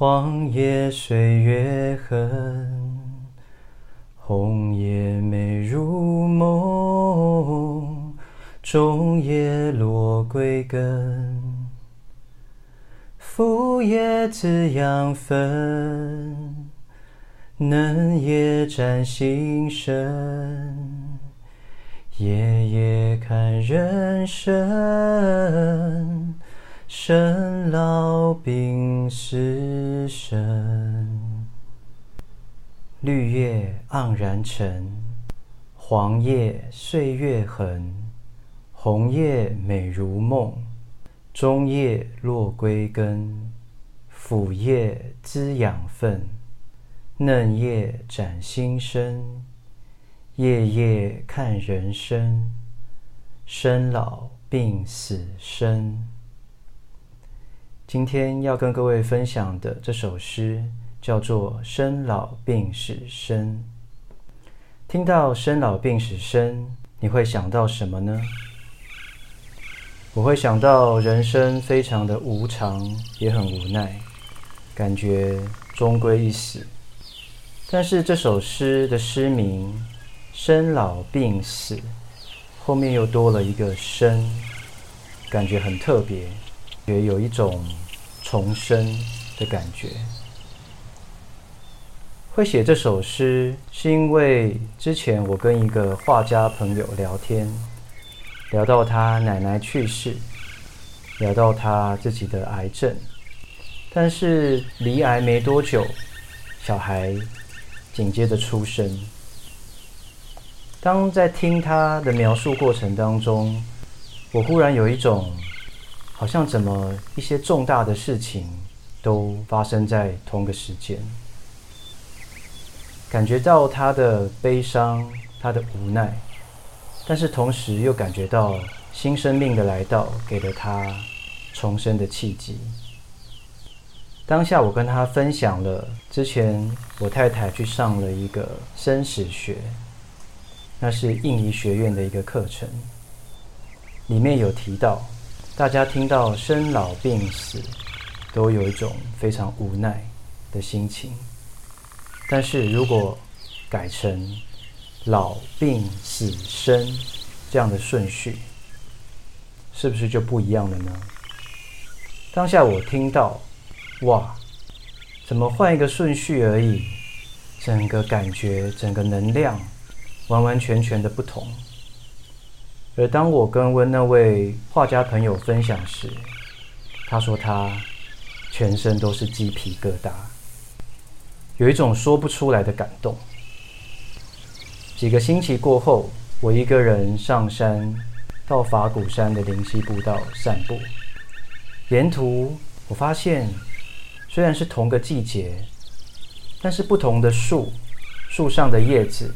黃葉歲月痕，紅葉美如夢，棕葉落歸根，腐葉滋養分，嫩葉展新生。葉葉看人生。生老，神生，夜夜生，生老病死生，綠葉盎然成，黃葉歲月痕，紅葉美如夢，棕葉落歸根，腐葉滋養分。嫩葉展新生，葉葉看人生，生老病死生。今天要跟各位分享的這首詩叫做《生老病死生》。聽到“生老病死生”，你會想到什麼呢？我會想到人生非常的無常，也很無奈，感覺終歸一死。但是這首詩的詩名“生老病死”，後面又多了一個“生”，感覺很特別。有一種重生的感覺。會寫這首詩，是因為之前我跟一個畫家朋友聊天，聊到他奶奶去世，聊到他自己的癌症，但是離癌沒多久，小孩緊接着出生。當在聽他的描述過程當中，我忽然有一種。好像怎麼一些重大的事情都發生在同個時間，感覺到他的悲傷，他的無奈，但是同時又感覺到新生命的來到，給了他重生的契機。當下我跟他分享了之前我太太去上了一個生死學，那是印尼學院的一個課程，裡面有提到。大家聽到生老病死，都有一種非常無奈的心情。但是如果改成老病死生這樣的順序，是不是就不一樣了呢？當下我聽到，哇，怎麼換一個順序而已，整個感覺、整個能量，完完全全的不同。而當我跟溫那位畫家朋友分享時，他說他全身都是雞皮疙瘩，有一種說不出來的感動。幾個星期過後，我一個人上山到法鼓山的靈溪步道散步，沿途我發現，雖然是同個季節，但是不同的樹，樹上的葉子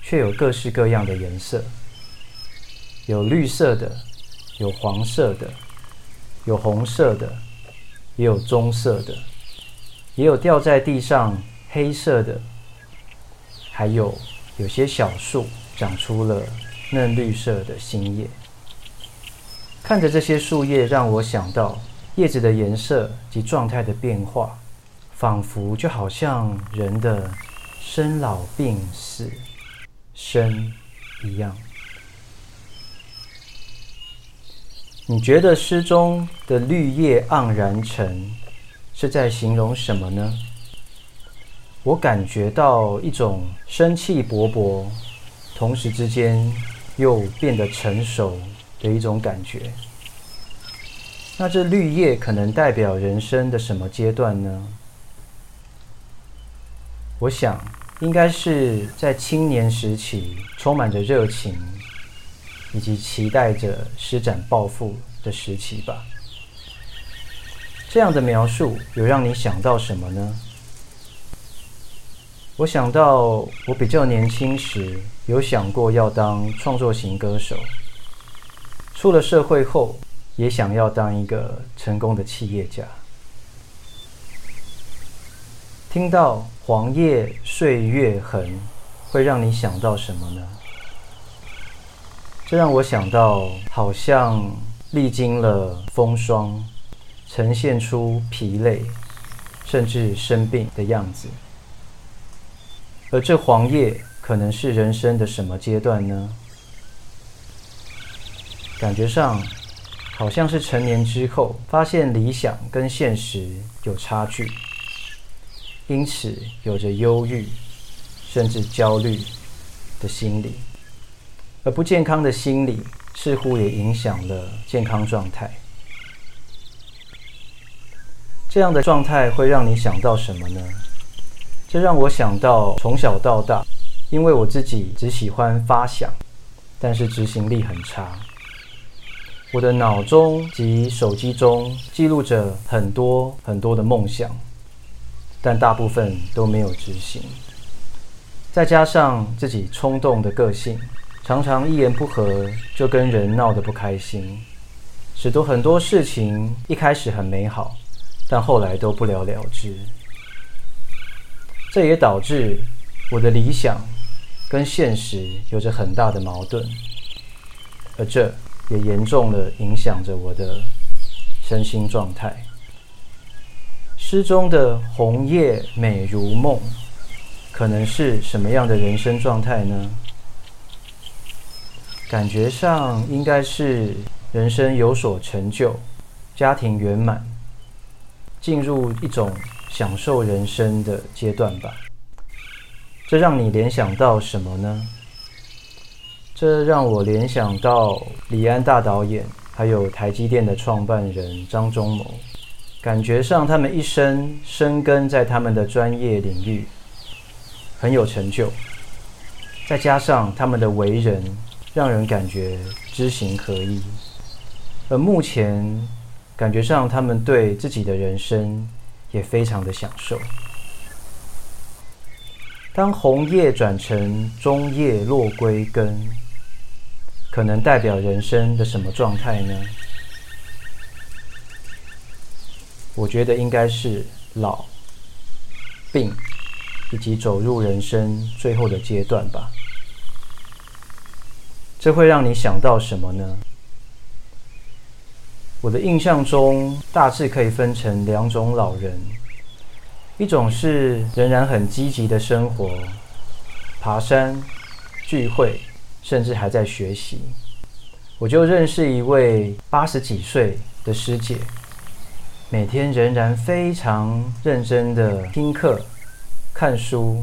卻有各式各樣的顏色。有綠色的，有黃色的，有紅色的，也有棕色的，也有掉在地上黑色的，還有有些小樹長出了嫩綠色的新葉。看着這些樹葉，讓我想到葉子的顏色及狀態的變化，仿佛就好像人的生老病死生一樣。你覺得詩中的綠葉盎然成是在形容什麼呢？我感覺到一種生氣勃勃，同時之間又變得成熟的一種感覺。那這綠葉可能代表人生的什麼階段呢？我想應該是在青年時期，充滿着熱情。以及期待着施展抱負的時期吧。這樣的描述有讓你想到什麼呢？我想到我比較年輕時有想過要當創作型歌手，出了社會後也想要當一個成功的企業家。聽到“黃葉歲月痕”，會讓你想到什麼呢？這讓我想到，好像歷經了風霜，呈現出疲累，甚至生病的樣子。而這黃葉，可能是人生的什麼階段呢？感覺上，好像是成年之後，發現理想跟現實有差距，因此有着憂鬱，甚至焦慮的心理。而不健康的心理似乎也影響了健康狀態。這樣的狀態會讓你想到什麼呢？這讓我想到從小到大，因為我自己只喜歡發想，但是執行力很差。我的腦中及手機中記錄着很多很多的夢想，但大部分都沒有執行。再加上自己衝動的個性。常常一言不合就跟人鬧得不開心，使得很多事情一開始很美好，但後來都不了了之。這也導致我的理想跟現實有着很大的矛盾，而這也嚴重地影響着我的身心狀態。詩中的紅葉美如夢，可能是什麼樣的人生狀態呢？感覺上應該是人生有所成就，家庭圓滿，進入一種享受人生的階段吧。這讓你聯想到什麼呢？這讓我聯想到李安大導演，還有台積電的創辦人張忠謀。感覺上他們一生深耕在他們的專業領域，很有成就。再加上他們的為人。讓人感覺知行合一，而目前感覺上，他們對自己的人生也非常的享受。當紅葉轉成棕葉落歸根，可能代表人生的什麼狀態呢？我覺得應該是老、病，以及走入人生最後的階段吧。這會讓你想到什麼呢？我的印象中，大致可以分成兩種老人：一種是仍然很積極的生活，爬山、聚會，甚至還在學習。我就認識一位八十幾歲的師姐，每天仍然非常認真的聽課、看書、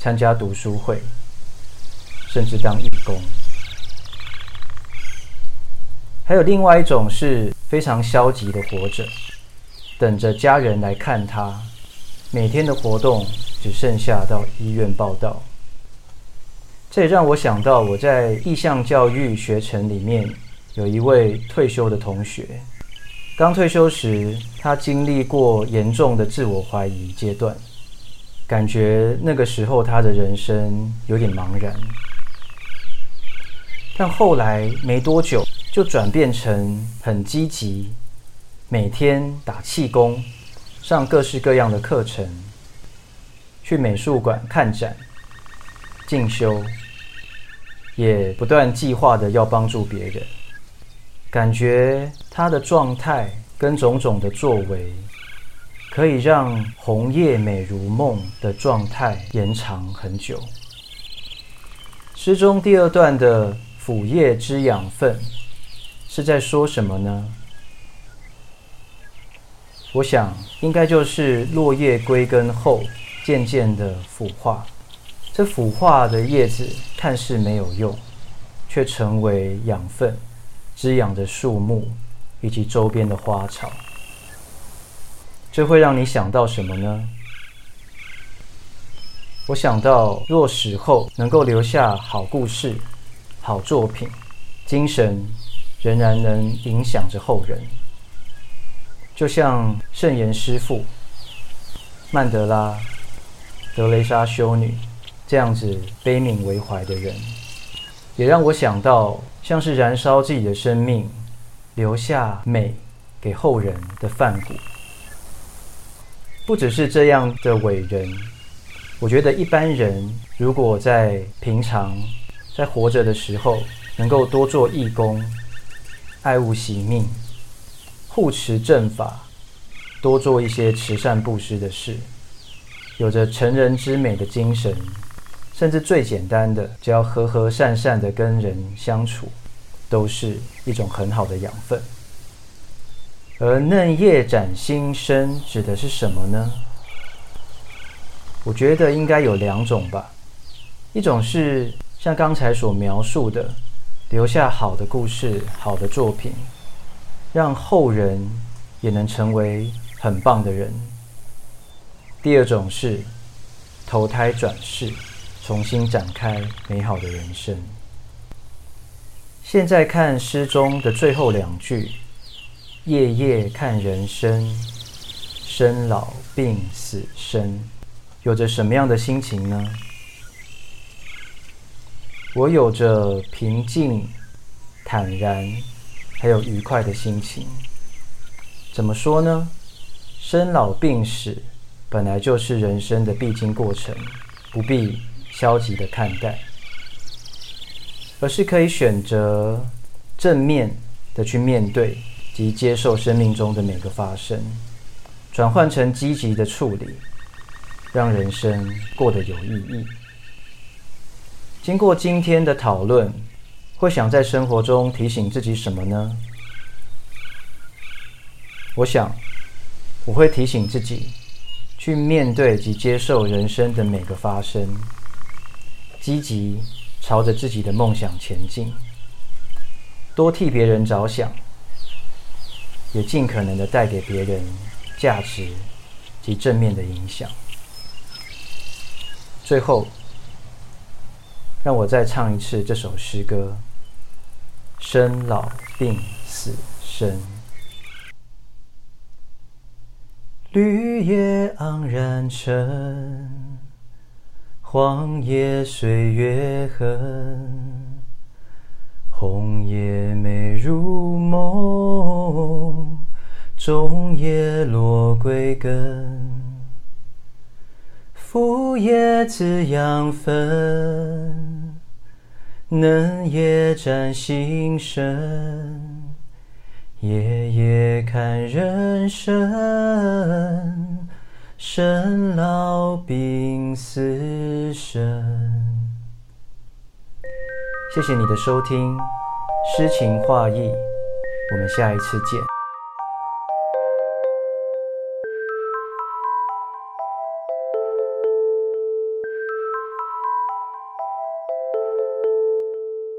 參加讀書會，甚至當義工。還有另外一種是非常消極的活着，等着家人來看他，每天的活動只剩下到醫院報到。這也讓我想到我在意向教育學程裡面有一位退休的同學，剛退休時他經歷過嚴重的自我懷疑階段，感覺那個時候他的人生有點茫然，但後來沒多久。就轉變成很積極，每天打氣功，上各式各樣的課程，去美術館看展、進修，也不斷計劃的要幫助別人。感覺他的狀態跟種種的作為，可以讓紅葉美如夢的狀態延長很久。詩中第二段的腐葉滋養分，是在說什麼呢？我想，應該就是落葉歸根後，漸漸的腐化。這腐化的葉子看似沒有用，卻成為養分，滋養着樹木以及周邊的花草。這會讓你想到什麼呢？我想到，若死後能夠留下好故事、好作品、精神。仍然能影響着後人，就像聖嚴師父、曼德拉、德雷莎修女這樣子悲憫為懷的人，也讓我想到像是燃燒自己的生命，留下美給後人的梵谷。不只是這樣的偉人，我覺得一般人如果在平常在活着的時候，能夠多做義工。愛物惜命，護持正法，多做一些慈善布施的事，有着成人之美的精神，甚至最簡單的，只要和和善善的跟人相處，都是一種很好的養分。而嫩葉展新生指的是什麼呢？我覺得應該有兩種吧，一種是像剛才所描述的。留下好的故事、好的作品，讓後人也能成為很棒的人。第二種是投胎轉世，重新展開美好的人生。現在看詩中的最後兩句：“葉葉看人生，生老病死生”，有着什麼樣的心情呢？我有着平靜、坦然，還有愉快的心情。怎麼說呢？生老病死本來就是人生的必經過程，不必消極的看待，而是可以選擇正面的去面對及接受生命中的每個發生，轉換成積極的處理，讓人生過得有意義。經過今天的討論，會想在生活中提醒自己什麼呢？我想，我會提醒自己去面對及接受人生的每個發生，積極朝着自己的夢想前進，多替別人着想，也盡可能的帶給別人價值及正面的影響。最後，讓我再唱一次這首詩歌。生老病死生，綠葉盎然成，黃葉歲月痕，紅葉美如夢，棕葉落歸根。腐葉滋養分，嫩葉展新生。葉葉看人生，生老病死生。謝謝你的收聽，詩情話意，我們下一次見。